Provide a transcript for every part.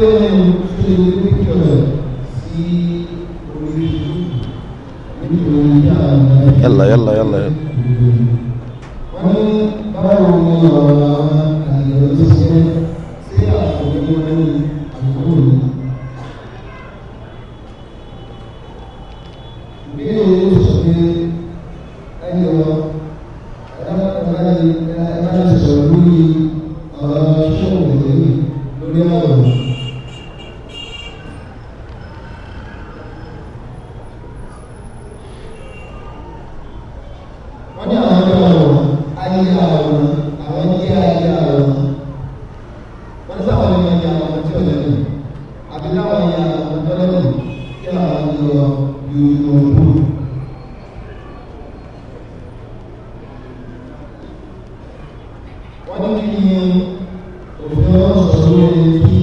tẹ́ ń ṣe píkọ̀ sí orí nítorí yàrá. yàlla yàlla yàlla. wọ́n ní báwo ni ọ̀rọ̀ àwọn àyẹ̀wò ṣe ṣe àfọwọ́n ní wọ́n ní kí ni òfin ọlọ́sọ̀rọ̀ lórí kí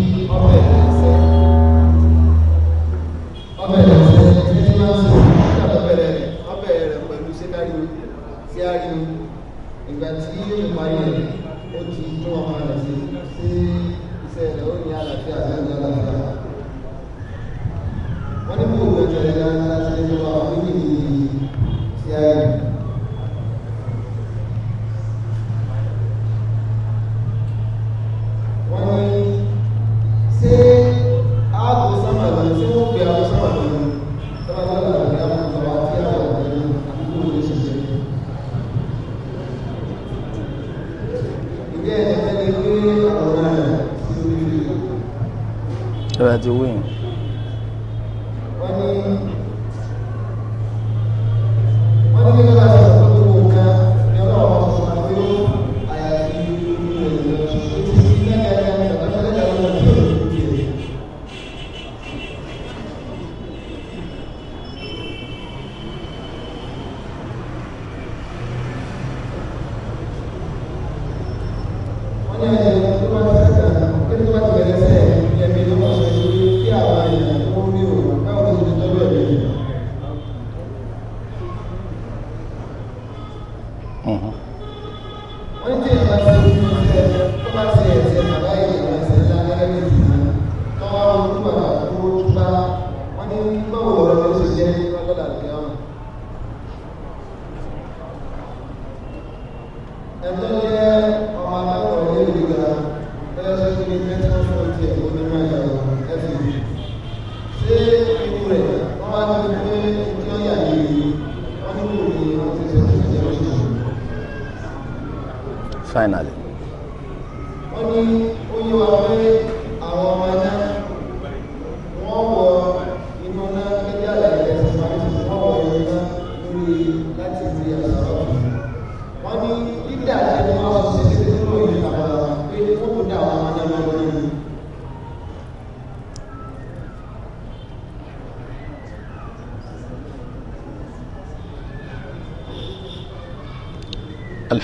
ẹ bá ti wí. wọ́n ní. And then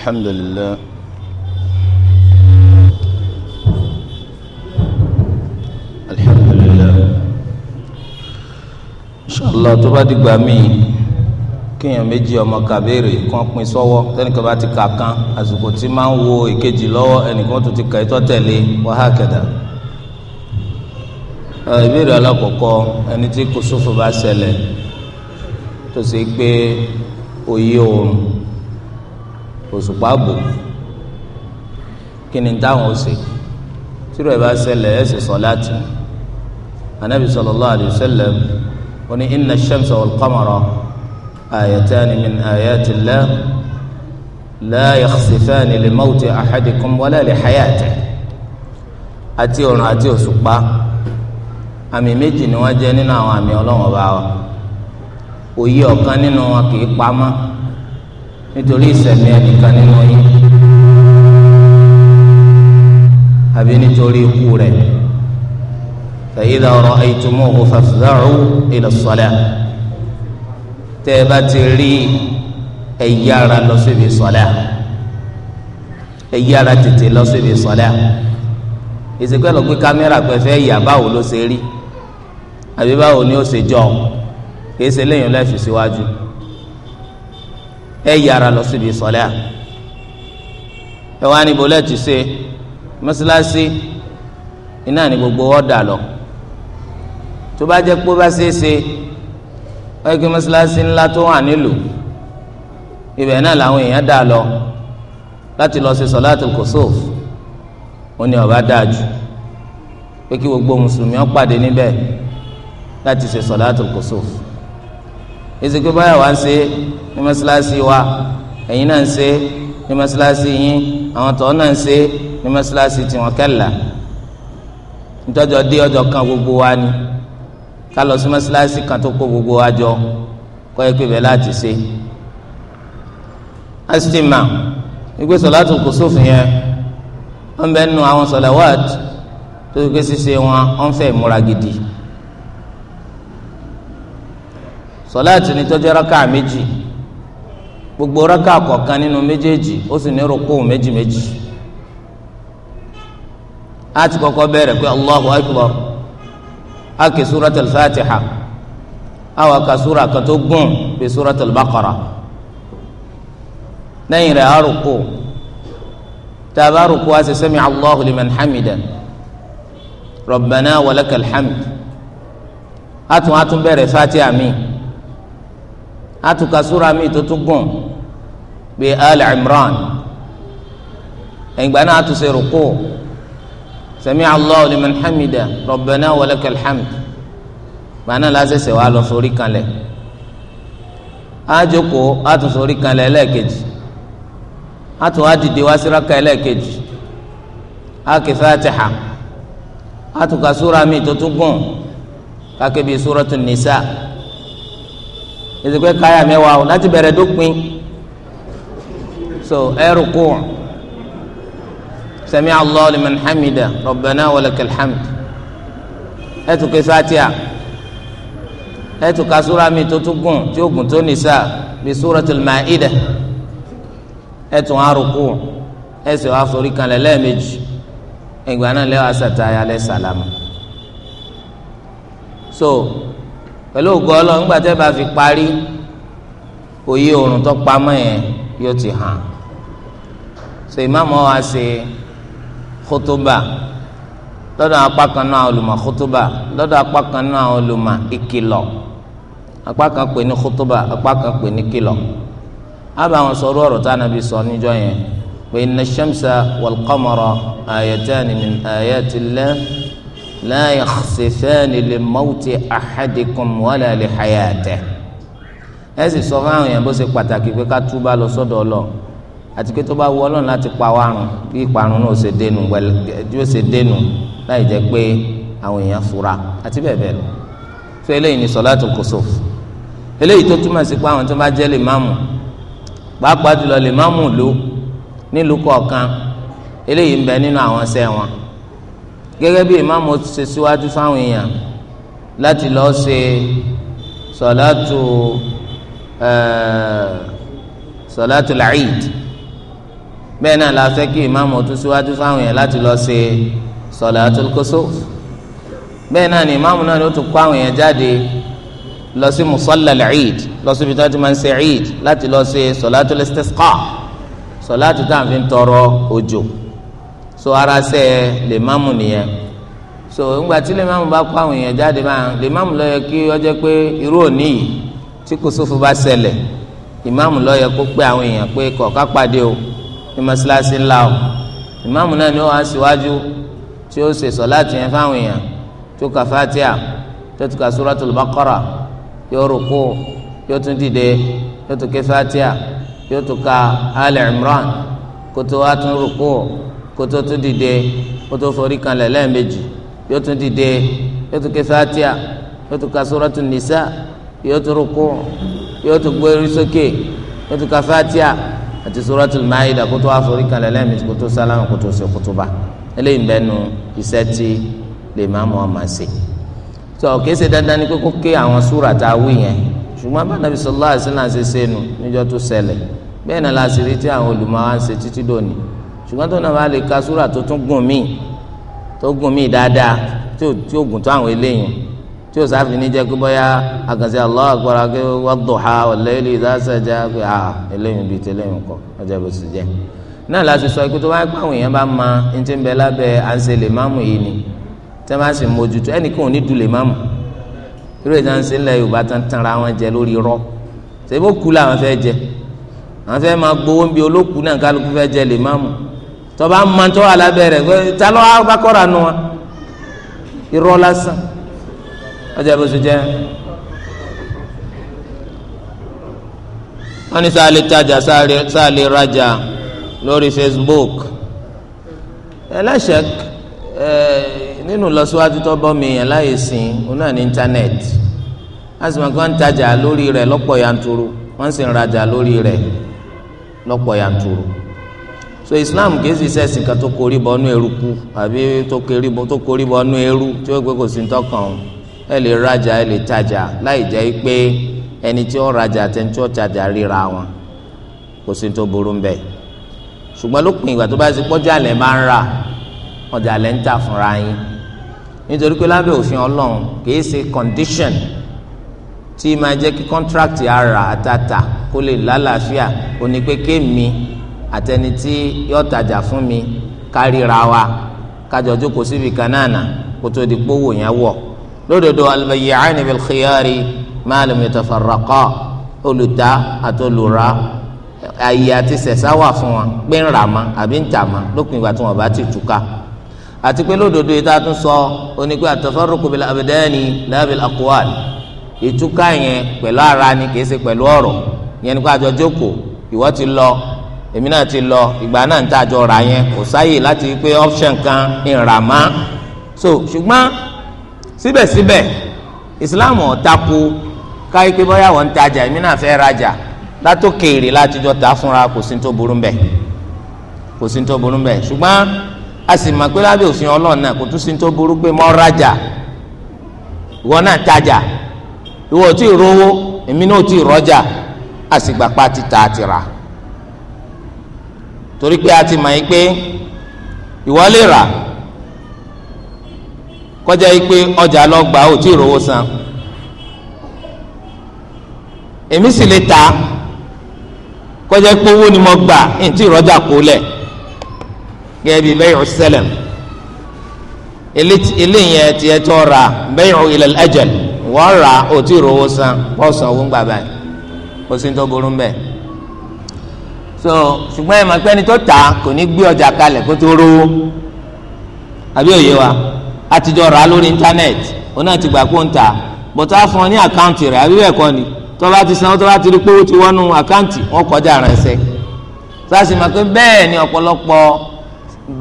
الحمد لله الحمد لله إن شاء الله tó bá dìgbà míì kéèyàn méjì ọmọ kàbéèrè kan pín sọ́wọ́ tẹ́nìkan bá ti kà kan àsìkò tí máa ń wo èkejì lọ́wọ́ ẹnìkan tó ti kà ètò tẹ̀lé wàhákẹ́dà ìbéèrè alákọ̀ọ́kọ́ ẹni tí kò sófò bá ṣẹlẹ̀ tó ṣe pé òye oòrùn òṣùpá bò kí ni táwọn ó ṣe tírò ẹ̀ bá ṣẹlẹ̀ ẹ̀ sì sọ láti anabi sallallahu alayhi wa sallam ó ní inna shamsa wal qamara ayatani min ayati llah la yakhsifani li mawti ahadikum wala li hayatihi àti òrùn àti òṣùpá àmì méjì ni wọ́n jẹ́ nínú àwọn àmì Ọlọ́run ọba wa òye ọ̀kan nínú wọn kì í pamọ́ nítorí ìsẹ̀mí ẹnìkan nínú yín àbí nítorí ikú rẹ̀ fa idha ra'aytumuhu fafza'u ila as-salah tẹ́ ẹ bá ti rí ẹ yára lọ síbi salah ẹ yára tètè lọ síbi salah ìsìnkú ẹ lọ gbé kámẹ́rà pẹ̀fẹ́ yà báwo ló ṣe rí àbí báwo ni ó ṣe jọ kì í ṣe léyìn lẹ́fì síwájú. Si ẹ yára lọ síbi sọlẹ́ à ẹ wá níbo lẹ́ẹ̀tì ṣe mọ́ṣáláṣí iná ní gbogbo ọ̀dà lọ tó bá jẹ́ pé ó bá ṣeé ṣe wọ́n yẹ kí mọ́ṣáláṣí ńlá tó wà nílùú ibẹ̀ náà làwọn èèyàn dà lọ láti lọ ṣe sọláàtul kusuf ó ní ọba dáa jù pé kí gbogbo mùsùlùmí ó pàdé níbẹ̀ láti ṣe sọláàtul kusuf ezeke báyà wá ń ṣe ní mọ́ṣáláṣí wa ẹ̀yin náà ń ṣe ní mọ́ṣáláṣí yín àwọn tó náà ń ṣe ní mọ́ṣáláṣí tiwọn kẹ́là nítọ́jọ́ dé ọjọ́ kan gbogbo wa ni ká lọ sí mọ́ṣáláṣí kan tó kó gbogbo wa jọ kọ́ ẹ pé bẹ́ẹ̀ láti ṣe. asitima ìgbé sọ̀láàtù kùsùfù yẹn wọ́n bẹ́ẹ̀ nu àwọn sọ̀lẹ́wàd tó gbé ṣíṣe wọn wọ́n fẹ́ múra gidi. sọláàtì ní tọ́jú rákà méjì gbogbo rákà kọ̀ọ̀kan nínú méjèèjì ó sì ní rúkú méjì méjì a ti kọ́kọ́ bẹ̀rẹ̀ pé allahu akbar a kì suratul fatiha a wà ká sura kan tó gùn bí suratul baqara lẹ́yìn rẹ̀ a rúkú tá rúkú a sì sami allahu liman hamida rabbana walakal hamd a tún a tún bẹ̀rẹ̀ fatiha mi atuka sura mi tó tún gùn bíi al imran ẹ̀gbọ́n náà àtúnṣe rúkú sami allahu liman hamida rabbana walakal hamd gbaná lásẹsẹ wàá lọ sórí kanlẹ̀ àjòkó àtúnṣe orí kanlẹ̀ ẹlẹ́ẹ̀kejì àtún àdìde wá síraka ẹlẹ́ẹ̀kejì àkè fatiha àtúnka sura mi tó tún gùn kàkébí suratu nisa ezekwe káyà mẹ́wàá o láti bẹ̀rẹ̀ dópin so ẹrù kù sami allah liman hamida rabbana walakal hamd ẹtù ké sátíà ẹtù ká súra mi tó tún gùn tí ó gùn tó nìsá bí súratul maida ẹtù ẹrù kù ẹsẹ̀ wàá forí kanlẹ̀ lẹ́ẹ̀mejì ìgbà náà lẹ́wàá sàtáyà lẹ́sàlámù so pẹ̀lú ògo ọlọ́run nígbà tẹ́ bá fi parí òye oòrùn tó pamọ́ yẹn yóò ti hàn so ìmáàmù wa ṣe kótóbà lọ́dọ̀ apá kan náà olùmọ̀ kótóbà lọ́dọ̀ apá kan náà olùmọ̀ ìkìlọ̀ apá kan pè ní kótóbà apá kan pè ní kìlọ̀ ábà wọn sọ̀rọ̀ tá a nàbí sọ níjọ́ yẹn pé inna shamsa wal qamara ayatani min ayati la yakhsifani li mawti ahadikum wala li hayatihi ẹ sì sọ fáwọn èèyàn bó ṣe pàtàkì pé ká túbà lọ sọ́dọ̀ Ọlọ́run àti pé tó bá wù Ọlọ́run láti pa wá run bí ìparun náà ṣe dénú tí ó ṣe dénú láì jẹ́ pé àwọn èèyàn fura àti bẹ́ẹ̀ bẹ́ẹ̀ lọ fún eléyìí ní salatul kusuf eléyìí tó túmọ̀ sí pé àwọn tó bá jẹ́ lè máàmù pàápàá jùlọ lè máàmù lò nílùú kọ̀ọ̀kan gẹ́gẹ́ bí ìmáàmù ṣe síwájú fáwọn èèyàn láti lọ́ọ́ ṣe sọ̀látù sọ̀látù làíd bẹ́ẹ̀ náà la fẹ́ kí ìmáàmù tún síwájú fáwọn èèyàn láti lọ́ọ́ ṣe sọ̀látù kusuf bẹ́ẹ̀ náà ni ìmáàmù náà ni ó tún kó àwọn èèyàn jáde lọ sí musalla làíd lọ síbi tí wọ́n ń ṣe eid láti lọ́ọ́ ṣe sọ̀látù listisqa sọ̀látù tá à ń fi tọrọ òjò so ara sẹ lè máàmù nìyẹn so ńgbà tí lè máàmù bá kó àwọn èèyàn jáde máa lè máàmù ló yẹ kí ó jẹ́ pé irú òní yìí tí kùsùfù bá ṣẹlẹ̀ ìmáàmù ló yẹ kó pé àwọn èèyàn pé kọ̀ọ̀ká pàdé o ní mọ́ṣáláṣí ńlá o ìmáàmù náà ni ó wá síwájú tí ó ṣe sọ̀láàtì yẹn fáwọn èèyàn tó ka Fatiha tó tún ka Suratul Baqara yóò rúkú yóò tún dìde yóò tún ké Fatiha yóò tún ka Ali Imran kótó wá tún rúkú kó tó tún dìde kó tó forí kanlẹ̀ lẹ́ẹ̀mejì yóò tún dìde yóò tún ké fatia yóò tún ka suratul nisa yóò tún rúkú yóò tún gbé orí sókè yóò tún ka fatia àti suratul maida kó tó wá forí kanlẹ̀ lẹ́ẹ̀mejì kó sálámù kó tó ṣe kútúbà eléyìí bẹ́ẹ̀ iṣẹ́ tí lè má mọ́ ọmọ ṣe tó kìí dandan ni kókó ké àwọn súrà tá a wí yẹn ṣùgbọ́n bá nàbí sallallahu alaihi wasallam ṣe ṣe nu níjọ́ tó ṣẹlẹ̀ bẹ́ẹ̀ náà la ṣe rí tí àwọn olùmọ̀ wa ń ṣe títí dòní ṣùgbọ́n tó náà bá lè ka súrà tó tún gùn míì tó gùn míì dáadáa tí ò tí ò gùn tó àwọn eléyìí tí ò sáfì ní jẹ́ pé bóyá àkànṣe Allahu akbar kí wadduha wal layli idha saja pé à ah, eléyìí bíi tẹ́lẹ̀yìn kọ́ ọjọ́ bó ti jẹ́ náà láti sọ pé tó bá gbà àwọn èèyàn bá ma ní ti ń bẹ lábẹ́ àǹṣe lè máàmù yìí ni tẹ́ bá sì mójútó ẹnìkan ò ní du lè máàmù irú ìta ń tọba mmantọ alábẹrẹ talọ abakọra nù wa irọ́ lásán ọjà bó so jẹ wọn ní sáà lè tajà sáà lè rajà lórí Facebook ẹlẹ́sẹ̀ ẹ nínú lọ́síwájú tó bọ́ mi yẹn láyé sìn ún náà ní íńtánẹ́ẹ̀tì asimakọ ń tajà lórí rẹ̀ lọ́pọ̀ yanturu wọ́n sì ń rajà lórí rẹ̀ lọ́pọ̀ yanturu so islam kìí sì sẹ́sìn kan tó korí bọ́ nú eruku àbí tó korí bọ́ nú eru tí ó gbé kò sí tọkàn ẹ lè rajà ẹ lè tajà láì jẹ́ pé ẹni tí ó rajà àti ẹni tí ó tajà ríra wọn kò sí tó burú mbẹ ṣùgbọ́n lópin ìgbà tó bá ti pọ́jà lẹ̀ máa ń rà ọjà lẹ̀ ń tà fúnra yín nítorí pé lábẹ́ òfin ọlọ́run kìí ṣe condition tí máa jẹ́ kí contract ara àtàtà kó lè lálàáfíà ó ní pé kémi àtẹni tí yóò tajà fún mi kárìíra wa kájọ jókòó síbi kan náà nà kótó di kpówó yẹn wọ̀ lódodo albayya'ani bil khiyari ma lam olùta àti olùra ayé àti sẹ̀sá wà fún wa pé ń rà ma àbí ń tà ma lópin ìgbà tí wọn bá ti túká àti pé lódodo yìí tá a tún sọ onígbé àtàfàrùkù bil abdani la bil aqwal yẹn pẹ̀lú ara ni kì í ṣe pẹ̀lú ọ̀rọ̀ yẹn ni kó jókòó ìwọ ti lọ èmi náà ti lọ ìgbà náà ń tà jọ ra yẹn kò sáyè láti pé option kan ìràmá so ṣùgbọ́n síbẹ̀síbẹ̀ Islam ò tako káyé pé bóyá wọ́n ń tajà èmi náà fẹ́ rajà látòkèèrè láti jọ ta fúnra kò sí tó burú mbẹ̀ kò sí tó burú mbẹ̀ ṣùgbọ́n a sì mọ̀ pé lábẹ́ òfin Ọlọ́run náà kò tún sí tó burú pé mo rajà ìwọ náà tajà ìwọ tí ì rówó èmi náà tí ì rọjà àsìgbàpá ti ta àti rà torí pé a ti mọ̀ yín pé ìwọ lè rà kọjá yìí pé ọjà lọ gbà ó tí ì rówó san èmi sì lè ta kọjá pé owó ni mo gbà ní tí ìrọ́jà kó lẹ̀ gẹ́gẹ́ bí bẹ́ẹ̀ ọ̀sẹ̀lẹ̀m eléyìí ti ẹ tó ra bẹ́ẹ̀ ọ̀ ẹ̀jẹ̀ wọ́n ra ó tí ì rówó san wọ́n san owó ń gbà báyìí ó sì ń tó burú mbẹ́ẹ̀ so ṣùgbọ́n ẹ̀ máa pẹ́ ni tó tà kò ní gbé ọjà kalẹ̀ kó tó rówó àbí òye wa àtijọ́ rà á lórí íńtánẹ́ẹ̀tì òun náà ti gbà kó ń tà bọ́tà fún ọ ní àkáǹtì rẹ̀ àbí bẹ́ẹ̀ kọ́ ni tó bá ti san tó bá ti rí pé ó ti wọ́nú àkáǹtì wọ́n kọjá ránṣẹ́ sáàsì máa pé bẹ́ẹ̀ ni ọ̀pọ̀lọpọ̀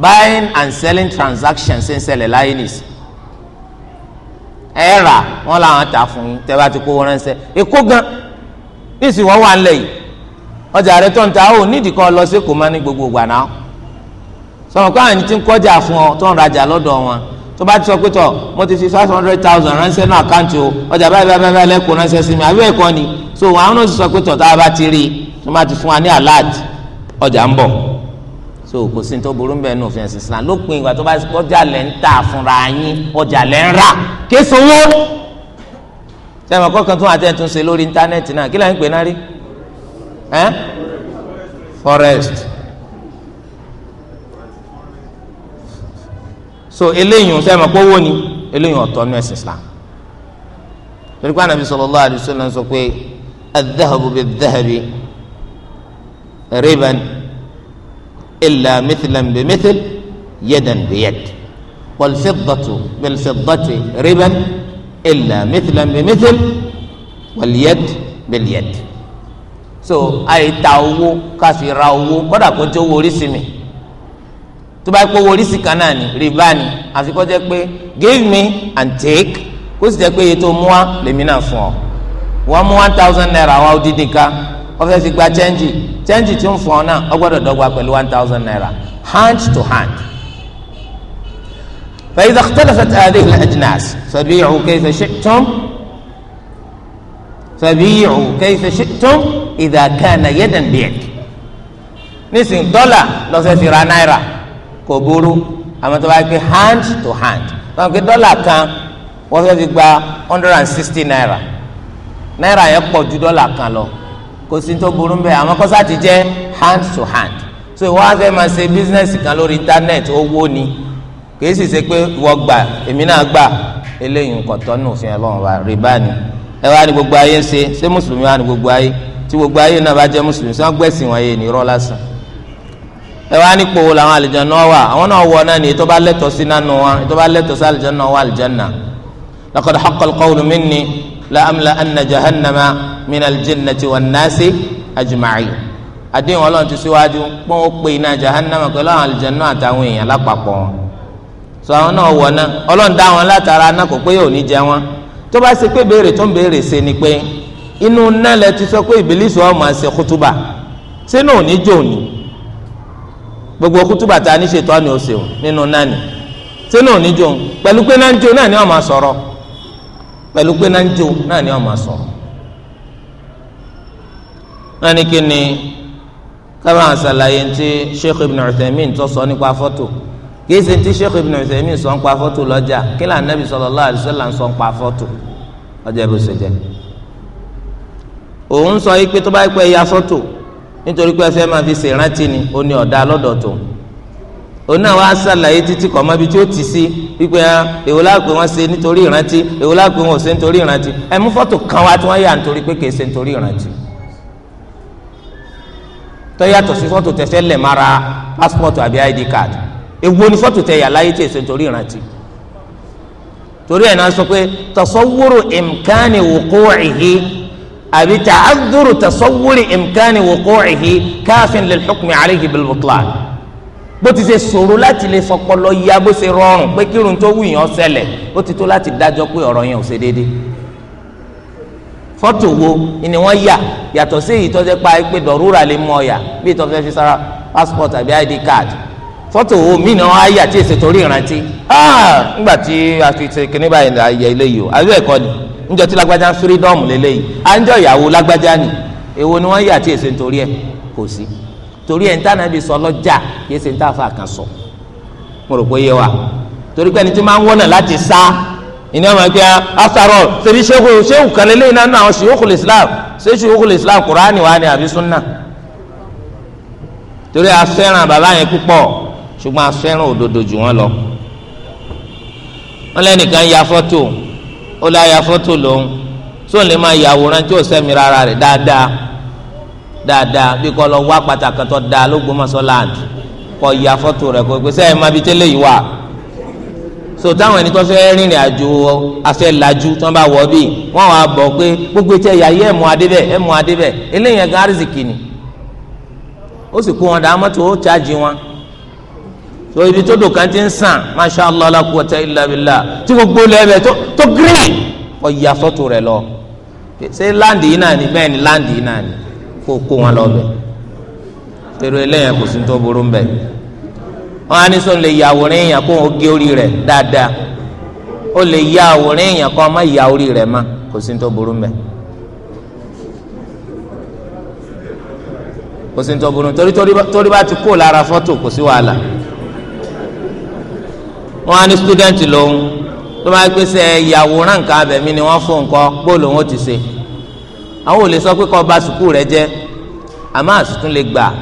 buying and selling transactions ń ṣẹlẹ̀ láyé nìsí ẹ rà wọ́n làwọn tà fún yín tẹ́ bá ti kó wọ́n ránṣẹ́ èkó gan níìsín wọ́n wà ń lẹ̀ yìí ọjà rẹ tó ń ta ó nídìí kan lọ sí kò má ní gbogbo ìgbà náà sọ̀rọ̀ kọ́ àyìn tí ń kọjá fún ọ tó ń rajà lọ́dọ̀ wọn tó bá ti sọ pé tọ̀ mo ti fi five hundred thousand ránṣẹ́ náà àkáǹtì o ọjà báyìí báyìí báyìí lẹ́kọ̀ọ́ ránṣẹ́ sí mi àbí ẹ̀kọ́ ni so àwọn náà ti sọ pé tọ̀ tá a bá ti rí tó má ti fún wa ní alert ọjà ń bọ̀ so kò sí tó burú bẹ́ẹ̀ nù fẹ́ǹsì sinna lópin ìgbà tó bá ọjà lẹ́ ń tà fúnra yín ọjà lẹ́ ń rà kéṣowó sẹ́wọ̀n kọ́kàn tún àtẹ̀tún ṣe lórí íńtánẹ́ẹ̀tì náà kí lẹ́yìn pè náà rí ẹ eh? forest so eléyìí sẹ́yìn mọ̀ pé owó ni eléyìí ọ̀tọ̀ ní ẹ̀sìn Islam torí pé anabi sallallahu alaihi wasallam sọ pé adhahabu bi adhahabi riban illa mithlan bi mithl yadan bi yad walfiddatu bilfiddati riban illa mithlan bi mithl walyad bilyad so àìta owó ká fi ra owó kódà kó tó owó oríṣi mi tó bá pé owó oríṣi kan náà ni rìbá ni àfi kó jẹ́ pé give me and take kó sì jẹ́ pé iye tó mú wa lèmi náà fún ọ wọ́n mú one thousand naira wá odidi ká wọ́n fẹ́ fi gba chẹ́ńjì chẹ́ńjì tí ń fún ọ náà ọ gbọ́dọ̀ dọ́gba pẹ̀lú one thousand naira hand to hand. فإذا اختلفت هذه الأجناس فبيعوا كيف شئتم فبيعوا كيف شئتم ìdàgànà yẹ́dàn bíẹ̀dì nísìnyí dọ́là lọ́sẹ̀ fi ra náírà kò burú àmọ́ tó bá gbé hand to hand wọ́n gbé dọ́là kan wọ́n fẹ́ fi gba hundred and sixty náírà náírà yẹn pọ̀ ju dọ́là kan lọ kò sí tó burú mbẹ́ àmọ́ kọ́sá ti jẹ́ hand to hand so ìwọ́n á fẹ́ máa ṣe business kan lórí internet owó ni kìí sì ṣe pé ìwọ gbà èmi náà gbà eléyìí nǹkan tọ́nu òfin ẹ̀ lọ́wọ́ rìbá ni ẹ wá ní gbogbo ayé ń ṣe ṣé mùsùlùmí wá ní gbogbo ayé tí gbogbo ayé náà bá jẹ́ mùsùlùmí sọ gbẹ̀sìn wọn yé ní irọ́ lásán ẹ wá nípò wo làwọn àlìjáná wà àwọn náà wọ náà ní ètò bá lẹ́tọ̀ọ́ sí nánú wa ètò bá lẹ́tọ̀ọ́ sí àlìjáná wà àlìjáná laqad haqqal qawlu minni la amla anna jahannama min aljinnati wan nasi ajma'in àdéhùn ọlọ́run ti síwájú pọ́n ó iná jahannama pẹ̀lú àwọn àlìjáná àtàwọn èèyàn lápapọ̀ inú nálẹ̀ ti sọ pé ìbílísì ọmọ àṣẹ kútúbà sínú òní jò ní gbogbo kútúbà tá a ní ṣètò àná òsè o nínú nání sínú òní jò pẹ̀lú pé náà ń jò náà ni wọ́n máa sọ̀rọ̀ pẹ̀lú pé náà ń jò náà ni wọ́n máa sọ̀rọ̀ náà ní kí ni kábà àṣàlàyé ti Sheikh Ibn Uthaymin tó sọ nípa fọ́tò kìí ṣe ti Sheikh Ibn Uthaymin sọ nípa fọ́tò lọ́jà kí lànà Nabi sallallahu alaihi sọ nípa fọ́tò ọjà ìbùsùn jẹ́ òun sọ yìí pé tó bá pẹ́ ya fọ́tò nítorí pé ẹ fẹ́ máa fi ṣèrántí ni ó ní ọ̀dà lọ́dọ̀ tó òun náà wàá ṣàlàyé títí kọ̀ mọ́bi tí ó ti sí wípé ah, èwo láàpẹ̀ wọn ṣe nítorí ìrántí èwo láàpẹ̀ wọn ṣe nítorí ìrántí ẹ mú fọ́tò kan wá tí wọ́n yà nítorí pé kìí ṣe nítorí ìrántí sí fọ́tò lẹ̀ mara pásítọ̀tù àbí id card èwo ni fọ́tò tẹ yà láyé tí èso nítorí ìrántí torí àbí ta'adúrú tasawúrì imkani wuqu'ihi káfíń bó ti ṣe láti lè ya bó ṣe rọrùn pé tó ó ti tó láti pé yẹn ò ṣe déédé wo pa lè mú bí ìtọ́ fẹ́ fi sára passport àbí id card fọ́tò wo mí ni wọ́n yà tí èsì torí ìrántí nígbà tí a fi ṣe kíní báyìí àyè ilé yìí o àbí ẹ̀kọ́ níjọ́ tí lágbájá ń fírídọ́ọ̀mù lélẹ́yìí àńjọ ìyàwó lágbájá ni èwo ni wọ́n yà tí èsè nítorí ẹ̀ kò sí torí ẹ̀ ń tànà bí sọ lọ́jà yìí ṣe ń tàfà kan sọ mo rò pé yé wa torí pé ẹni tí máa ń wọ́nà láti sá ìní ọmọ ẹgbẹ́ afárọ̀ ṣèbí ṣéwù ṣéwù kan lélẹ́yìn náà náà ṣèwúkúlù Islam ṣé ṣèwúkúlù Islam kùránì wa ni àbí súnà torí a bàbá yẹn púpọ̀ ṣùgbọ́n a òdodo jù wọ́n lọ wọ́n lẹ́nìkan ya fọ́tò ó láya fọ́tò lòun sóun lè máa yàwòrán tí ò sẹ́mi rárá rẹ̀ dáadáa dáadáa bí kò lọ wá pàtàkì tó dáa l'Ógbómọ̀ṣọ́ land kò ya fọ́tò rẹ̀ kò pèsè ẹ̀ máa bi tẹ́lẹ̀ yìí wà so táwọn ẹni tó fẹ́ rìnrìn àjò afẹ́lajú tí wọ́n bá wọ̀ bí wọ́n wàá bọ̀ pé gbogbo etí ẹ̀yà yìí ẹ̀mú adébẹ̀ ẹ̀mú adébẹ̀ eléyìí ẹ̀gán àrísìkì ni ó sì kó wọn dá ó chájì so ibi tó dùn kan ti ń sàn masha allah la quwata illa billah tí gbogbo lẹ́bẹ̀ tó tó green kò yà sọ́tò rẹ̀ lọ ṣé láǹdì yìí náà ni bẹ́ẹ̀ ni láǹdì yìí náà ni kó kó wọn lọ bẹ̀ tẹ̀rọ eléyàn kò sí tó burú ń bẹ̀ wọn á ní sọ lè yà àwòrán èèyàn kó wọn gé orí rẹ̀ dáadáa ó lè yà àwòrán èèyàn kó wọn má yà orí rẹ̀ má kò sí tó burú ń kò sí tó burú torí torí bá ti kó lára fọ́tò kò sí wàhálà. wọn á ní student lòun tó máa pèsè ìyàwòrán nǹkan abẹ̀mí ni wọ́n fún nǹkan bóòlù wọn ti ṣe àwọn ò lè sọ pé rẹ jẹ àmọ́ àsùtún lè gbà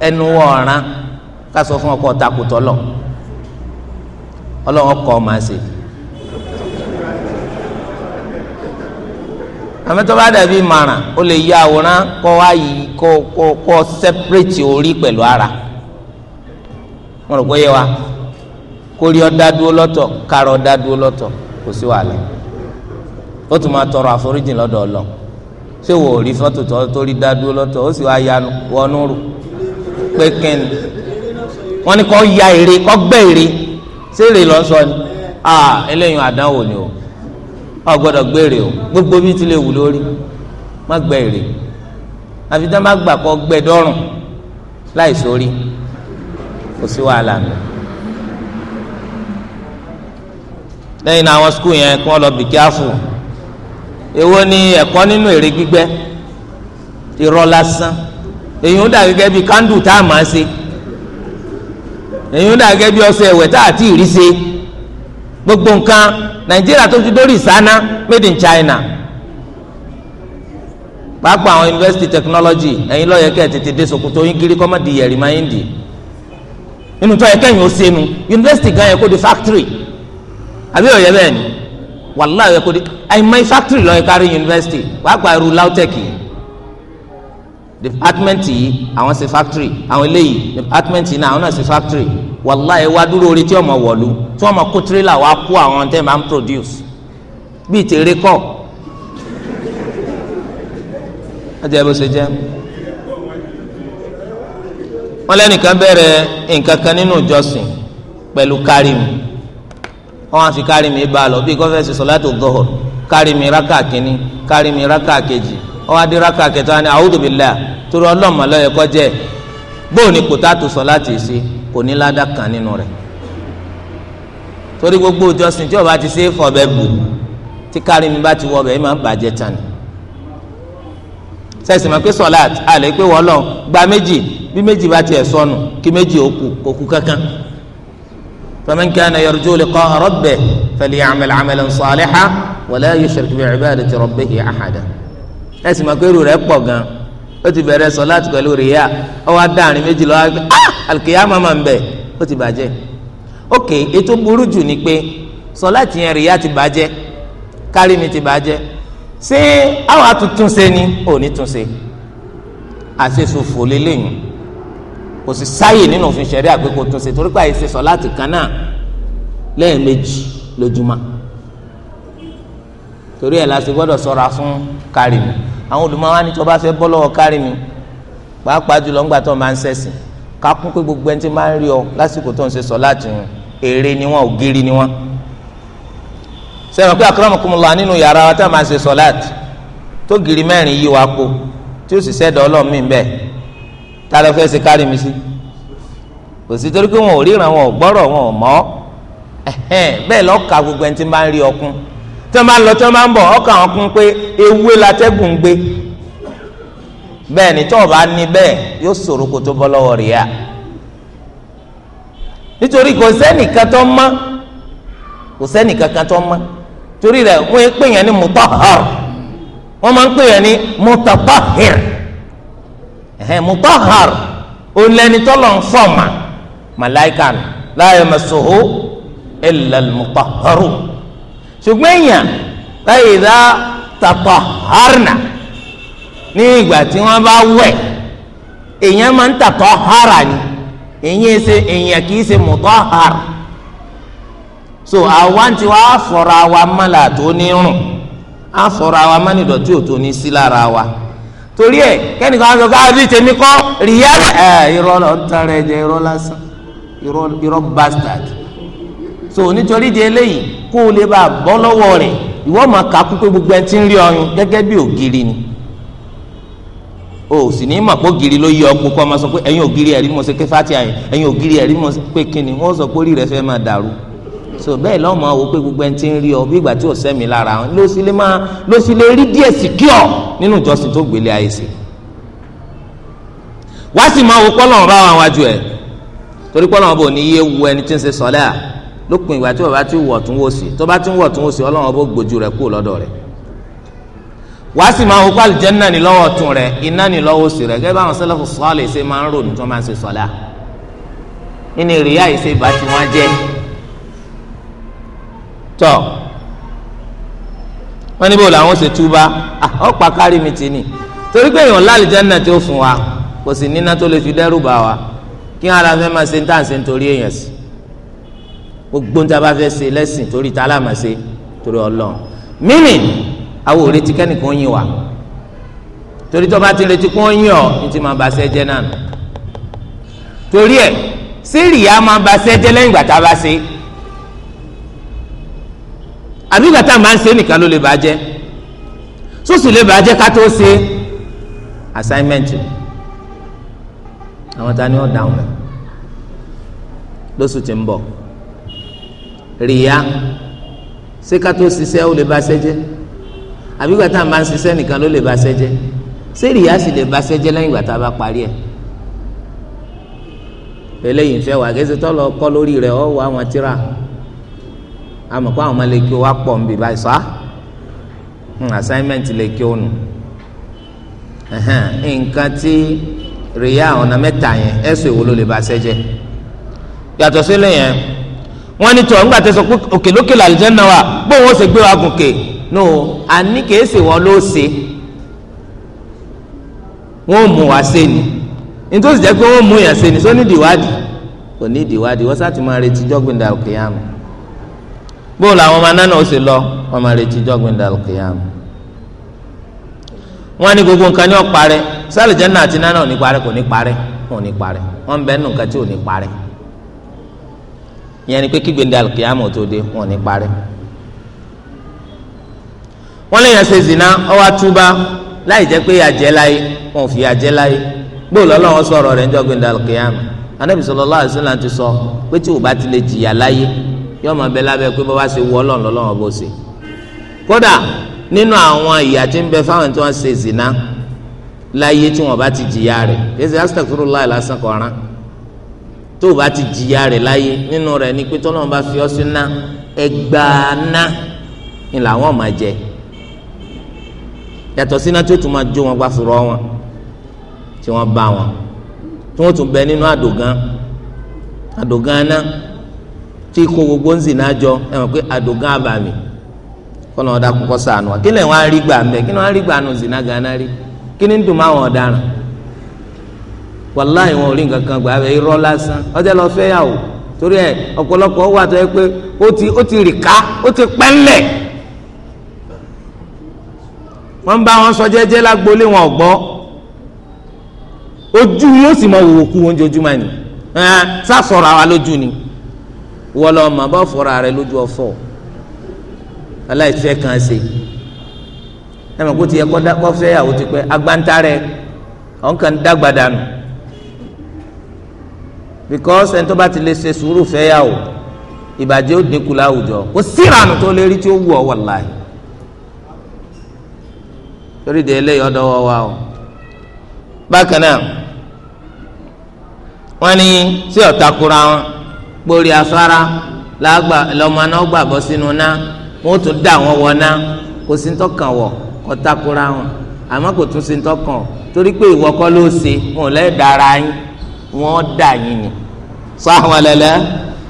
ẹnu ọ̀ràn ká sọ fún ọkọ takùtọ̀ lọ ọlọ́wọ́n kọ́ ọ máa ṣe. bá ya àwòrán wá yìí ara kórí ọ̀dá dúró lọ́tọ̀ kárọ̀ ọ̀dá dúró lọ́tọ̀ kò sí wàhálà ó tún máa tọrọ àforíjì lọ́dọ̀ ọlọ́ ṣé wò ó rí fọ́tò tó tó rí dá dúró lọ́tọ̀ ó sì wá ya wọnú rù pé kíni wọ́n ní kọ́ ya èrè kọ́ gbẹ́ èrè ṣé èrè lọ sọ ni ah eléyìí àdánwò ni o ọ gbọ́dọ̀ gbé èrè o gbogbo bí ti lè wù lórí má gbẹ́ èrè àfi dá má gbà kọ́ gbẹ́ dọ́rùn láì sórí kò sí wàhálà mi. lẹ́yìn náà àwọn skul yẹn kí wọ́n lọ bì kíáfù ni ẹ̀kọ́ nínú èrè gbígbẹ́ irọ́ lásán èyí ń dà gẹ́gẹ́ bí kándù tá a máa ṣe èyí ń dà gẹ́gẹ́ bí gbogbo nǹkan nàìjíríà tó ti dórí ìsáná made in China pàápàá àwọn university technology ẹ̀yin lọ́yẹ̀ kẹ́ ẹ̀ tètè dé sokoto yín kiri kọ́mọ́dì yẹ̀rì máa ń dì nínú tó yẹ àbí ọ̀yẹ́ bẹ́ẹ̀ ni wàhálà ọ̀yẹ́ kò dé àìmọ̀ fákítìrì lọ́yẹ̀ kárí yunifásitì pàápàá irú LAUTECH yìí department yìí àwọn ṣe fákítìrì àwọn eléyìí department yìí náà àwọn náà ṣe fákítìrì wàhálà ẹ̀ wá dúró orí tí ọmọ wọ̀lú tí wọ́n kó tirẹ́là wá kó àwọn tẹ́ máa ń produce bíi tèrè kọ́ ẹ̀jẹ̀ bó ṣe jẹ́ wọ́n lẹ́nìkan bẹ̀rẹ̀ nǹkan kan nínú ìjọsìn pẹ̀lú kárí wọn á fi kárí mi bá a lọ bí kọfẹsì sọláàtù dọhùr kárí mi rákà kínní kárí mi rákà kejì wọn á dé rákà kẹta ní a'udhu billah torí ọlọ́mọ lọ́yẹ kọjẹ́ bóun ni kòtàtù sọláàtì ṣe kò ní ládà kan nínú rẹ̀ torí gbogbo ìjọsìn tí ó bá ti ṣe é fọbẹ bù tí kárí mi bá ti wọbẹ ẹ máa bàjẹ́ tán ni sẹ́sìn máa pé sọláàtì àlẹ́ pé wọ́n gba méjì bí méjì bá tiẹ̀ sọnù kí méjì ó kù kò kú kankan. فمن كان يرجو لقاء ربه فليعمل عملا صالحا ولا يشرك بعبادة ربه أحدا اسمع كيرو ريبو غان أتي بيري صلاة كيرو ريا أو أداني ميجي لو آه القيامة من بي أتي باجي أوكي ètò burú jù ni pé sọláàtì yẹn rìyà ti bàjẹ́ kárí mi ti bàjẹ́ ṣé àwọn àtúntúnṣe ni ò ní túnṣe àṣesòfò kò sì sáyè nínú òfin ṣẹ̀rí àgbékò tó ṣe torí pé àìsè sọ láti kan náà lẹ́ẹ̀mejì lójúmọ́ torí ẹ̀ la ṣe gbọ́dọ̀ sọ̀ra fún kárì mi àwọn olùmọ̀ wa ni tí wọ́n bá fẹ́ bọ́ lọ́wọ́ kárì mi pàápàá jùlọ ńgbà tó máa ń ṣẹ̀sìn ká kún pé gbogbo ẹni tí máa ń rí ọ lásìkò tó ń ṣe sọ láti rìn èrè ni wọn ògiri ni wọn sẹ́wọ̀n pé akramakumullah nínú yàrá wa tá a máa ṣe sọ láti tó giri mẹ́rin yí wa po tí ó sì ṣẹ́dọ̀ ọlọ́run mi bẹ́ẹ̀ tá ló fẹ́ ṣe kárí mi sí kò sí torí pé wọn ò ríran wọn ò wọn ò gbogbo ẹni tí máa ń rí ọkùn tí ń lọ tí wọ́n máa ń bọ̀ ọkà ọkùn pé ewé latẹ́gùn gbé bẹ́ẹ̀ ni tọ́ọ̀ bá ní bẹ́ẹ̀ yóò ṣòro kó tó ẹ̀hẹ́n mutahhar olẹ́ni tọ́lọ̀ ń fọ̀mà màláìka nù la yamassuhu illa al-mutahharun ṣùgbọ́n èèyàn báyìí dá tatahharna ní ìgbà tí wọ́n bá wẹ̀ èèyàn máa ń tatahhara ni èèyàn ṣe èèyàn kì í ṣe mutahhar so àwa ti wá fọ̀rọ̀ àwa mọ́là tó ní rùn àfọ̀rọ̀ àwa mọ́nìdọ̀tí tó ní sí lára wa torí ẹ kẹ́nìkan sọ pé àbí ah, tèmi kọ́ rìyá ẹ irọ́ ọ̀ntara ẹ̀jẹ̀ irọ́ lásán irọ́ irọ́ bastard so nítorí di eléyìí kó o lè bá a bọ́ lọ́wọ́ rẹ̀ ìwọ máa kà á kú pé gbogbo ẹ ti ń rí ọyún gẹ́gẹ́ bí ògiri ni o sì ní mà pọ̀ giri ló yí ọgbọ́n kọ́ ọ sọ pé ẹ̀yin ògiri ẹ̀rí mọ̀ sí kí fati ẹ̀yin ògiri ẹ̀rí mọ̀ sí pé kíni wọ́n sọ pé orí rẹ̀ fẹ́ máa dàrú so bẹ́ẹ̀ lọ́mọ wo pé gbogbo ẹni tí ń rí ọ bí ìgbà tí ò sẹ́mi lára wọn ló sì lè máa ló sì lè rí díẹ̀ síkíọ̀ nínú ìjọsìn tó gbélé ayé sí wá sì máa wo pọ́lọ́mọ bá wọn wájú ẹ̀ torí pọ́lọ́mọ bò ní yé wu ẹni tí ń ṣe sọ́lẹ́ à lópin ìgbà tí ọba ti wọ̀ tún wò sí tó bá ti wọ̀ tún wò sí ọlọ́run bó gbójú rẹ̀ kú lọ́dọ̀ rẹ̀ wá sì máa wọ pálí jẹ́ náà ní lọ́wọ́ tún rẹ̀ iná ní lọ́wọ́ sí rẹ̀ gẹ́gẹ́ báwọn sẹ́lẹ̀fù sọ́ọ̀lì ṣe máa ń rò ní tí wọ́n máa ń ṣe sọ́lá nínú ìrìyà yìí ṣe bá tọ wọn níbo làwọn ṣe túbà ọ̀pá kárí mi ti ni torí pé èèyàn lálìjáná tí ó fún wa kò sì níná tó lè fi dẹ́rù bà wá kí ara fẹ́ máa ṣe ń tà ń ṣe èèyàn sí gbogbo níta bá fẹ́ ṣe lẹ́sìn torí ta láàmà ṣe torí ọlọ́run mímì àwọn ò retí kẹ́nìkan yín wa torí tó bá ti retí kó yín ọ ní ti máa bá ṣe jẹ́ náà torí ẹ̀ sí máa bá ṣe jẹ́ lẹ́yìn ìgbà bá ṣe àbí gbàtà máa ń ṣe nìkan ló lè bàjẹ́ sósì lè bàjẹ́ ká tó ṣe assignment àwọn ta ni wọ́n dáhùn rẹ̀ lóṣù tí ń bọ̀ rìyá ṣé ká tó ṣiṣẹ́ ó lè ba ṣẹ́ jẹ́ àbí gbàtà máa ń ṣiṣẹ́ nìkan ló lè ba ṣẹ́ jẹ́ ṣé rìyá sì lè ba ṣẹ́ lẹ́yìn gbàtà bá parí ẹ̀ eléyìí ń fẹ́ wà kí ẹ kọ́ lórí rẹ̀ ọ́ wọ àwọn tíra àmọ́ kó àwọn ọmọ lè kí o wá pọ̀ nbí báyìí sọ́ hmm, assignment lè kí o nù nǹkan tí rìyà ọ̀nà mẹ́ta yẹn ẹ̀sùn èwo ló lè ba sẹ́jẹ́ yàtọ̀ sílẹ̀ yẹn wọ́n ní tọ̀ ńgbà tẹ̀sán òkè lókè làlùjánnà wa bóun ó sì gbé wa gòkè no àní kìí ṣe wọn ló ṣe wọn ò mú wa ṣe ni nítorí jẹ́ pé wọ́n mú yàn ṣe ni sọ ní ìdìwádìí kò ní ìdìwádìí wọ́n sá ti máa retí jọ́gbìndà òkè yàrá. bó làwọn ọmọ anáná ó sì lọ wọn máa retí jọgbìn dàlùkìyàmù wọn ní gbogbo nǹkan ní ọparẹ sálìjẹnà àti nánà onipari kọ parẹ́ kò ní parẹ́ wọn ń bẹ nínú nǹkan tí ò ní ni pé kígbe dàlùkìyàmù tó dé wọn ní wọn lè yàn ṣe zina ọwọ àtúbà láì yóò máa bẹ lábẹ́ pé bọ́ba ṣe wọ ọlọ́run lọ́lọ́run ọba ọ̀sẹ̀ kódà nínú àwọn ìyà tí ń bẹ fáwọn tí wọ́n ṣe zina láyé tí wọ́n bá ti jìyà rẹ̀ èsì astaghfirullah lásán kọ̀ọ̀rán tó o bá ti jìyà rẹ̀ láyé nínú rẹ̀ ni pé tọ́lọ́run bá fi ọ́ sí ná ẹgbàá ná ni làwọn máa jẹ yàtọ̀ síná tí ó tún máa jó wọn gbá sọ̀rọ̀ wọn tí wọ́n bá wọn tí wọ́n tún bẹ nínú àdògán àdògán náà tí kò gbogbo ń zìnnà jọ ẹ mọ̀ pé àdògán àbàmì kọ́nà ọ̀dà kọ́kọ́ sànù kí lè wọ́n á rí gbà mẹ́ kí lè wọ́n á rí gbà nù zìnnà gánà rí kí ni ń dùn máwọn ọ̀daràn wàláì wọn ò rí nǹkan kan gbà bẹ irọ́ lásán ọjọ́ lọ fẹ́ yà wò torí ẹ ọ̀pọ̀lọpọ̀ wà tó yẹ pé ó ti ó ti rì ká ó ti pẹ́lẹ̀ wọ́n ń bá wọn sọ jẹ́jẹ́ lágbolé wọn ọ̀gbọ́ ojú yóò sì mọ òwòkú wọn ojoojúmọ́ ni sá sọ̀rọ̀ àwa lójú ni wọ́n lọ mà bá fọ́ra rẹ lójú ọ̀fọ̀ aláìfẹ́ kan ṣe ẹ mọ̀ kó tiẹ̀ kọ́ fẹ́ yàwó ti pẹ́ agbáńtarẹ ọ̀n kàn dàgbà dànù because ẹni tó bá ti lè ṣe sùúrù fẹ́ yàwó ìbàjẹ́ ó dínkù láwùjọ kó síranù tó lè rí tí ó wù ọ́ wàláhì torí de eléyìí ọ̀dọ̀ wọ wa o bákan náà wọ́n ní sí ọ̀takùrọ̀ àwọn gbórí afárá lágbà lọmọ náà gbàgbọ́ sínú náà wọ́n tún dà wọ́n wọ náà kò sí ntọ́kàn wọ̀ kọ́ takora wọn àmọ́ kò tún sí ntọ́kàn torí pé ìwọ kọ́ ló ṣe wọn ò lẹ́ẹ̀ dára yín wọ́n dà yín ni sọ àwọn ẹlẹ́lẹ́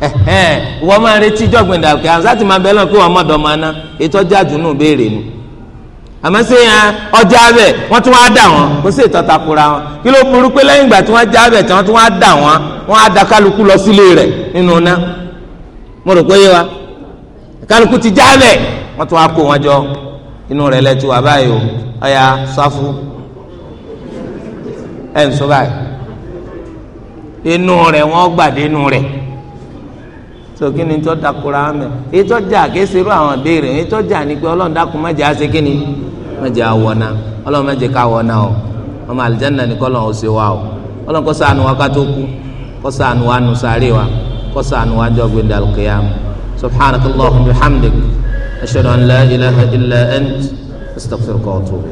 ẹ̀hẹ́n wọ́n máa retí jọ́gbìn dàkẹ́ àwọn sátìmọ́ abẹ́lẹ́ pé wọ́n mọ̀dọ́ máa ná ètò jáde nù béèrè ni. àmọ́ sí yẹn ọjà abẹ wọ́n tún wá dà wọ́n kó sí ìtọ́ta kura wọn kí ló burú pé lẹ́yìn ìgbà tí wọ́n já abẹ tí wọ́n tún wá dà wọ́n wọ́n á da kálukú lọ sílé rẹ̀ nínú iná mo rò pé yé wa kálukú ti já wọ́n wọn jọ inú rẹ̀ lẹ́tù wà báyìí o ọ̀yà sáfù ẹ̀ ń sọ báyìí inú sókè ni tó takora mẹ ètò ọjà késerú àwọn béèrè ètò ọjà ni pé ọlọ́run dákun má jẹ́ àṣẹ kíni má jẹ́ àwọ̀nà ọlọ́run má jẹ́ káwọ̀nà o ọmọ àlìjáná ni kọ́lọ́n ò ṣe wa o ọlọ́run kó ṣàánú wa ká kú kó ṣàánú wa nù sáré wa kó ṣàánú wa jọ gbé dàlùkìyàm subhanakallahumma wa bihamdik ashhadu an la ilaha illa ant astaghfiruka wa atubu